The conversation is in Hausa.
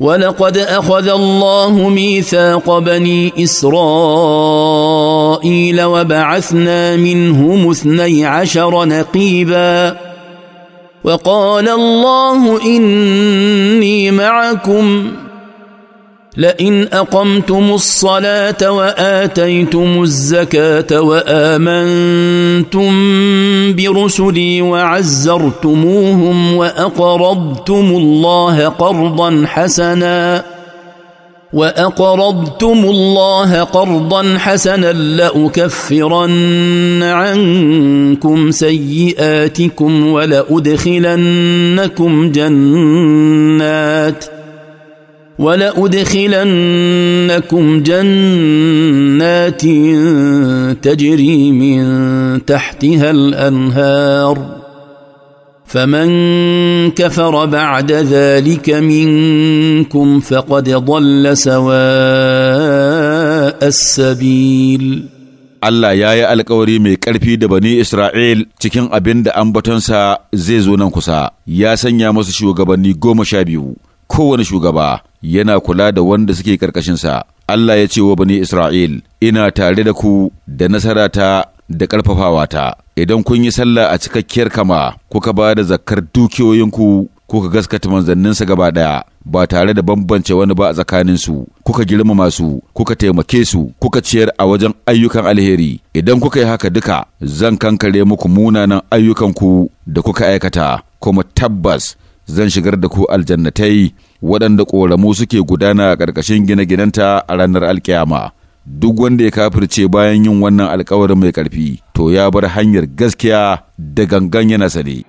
ولقد اخذ الله ميثاق بني اسرائيل وبعثنا منهم اثني عشر نقيبا وقال الله اني معكم لئن اقمتم الصلاه واتيتم الزكاه وامنتم برسلي وعزرتموهم واقرضتم الله قرضا حسنا واقرضتم الله قرضا حسنا لاكفرن عنكم سيئاتكم ولادخلنكم جنات ۖ ولأدخلنكم جنات تجري من تحتها الأنهار فمن كفر بعد ذلك منكم فقد ضل سواء السبيل Allah ya yi alkawari mai ƙarfi da bani Isra'il cikin abin da ambatonsa zai zo nan kusa, ya sanya masu shugabanni goma sha biyu, kowane shugaba yana kula da wanda suke ƙarƙashinsa. Allah ya ce wa bani Isra'il, ina tare da ku da nasarata da ta. idan kun yi sallah a cikakkiyar kama kuka ba da zakkar dukiyoyinku kuka gaskata manzanninsa gaba ɗaya ba tare da bambance wani ba a tsakaninsu kuka girmama su kuka taimake su kuka ciyar a wajen ayyukan alheri idan kuka yi haka duka zan kankare muku munanan ayyukanku da kuka aikata kuma tabbas zan shigar da ku aljannatai waɗanda ƙoramu suke gudana a ƙarƙashin gine-ginenta a ranar alkiyama. Duk wanda ya kafirce bayan yin wannan alkawarin mai ƙarfi, to ya bar hanyar gaskiya da gangan yana sane.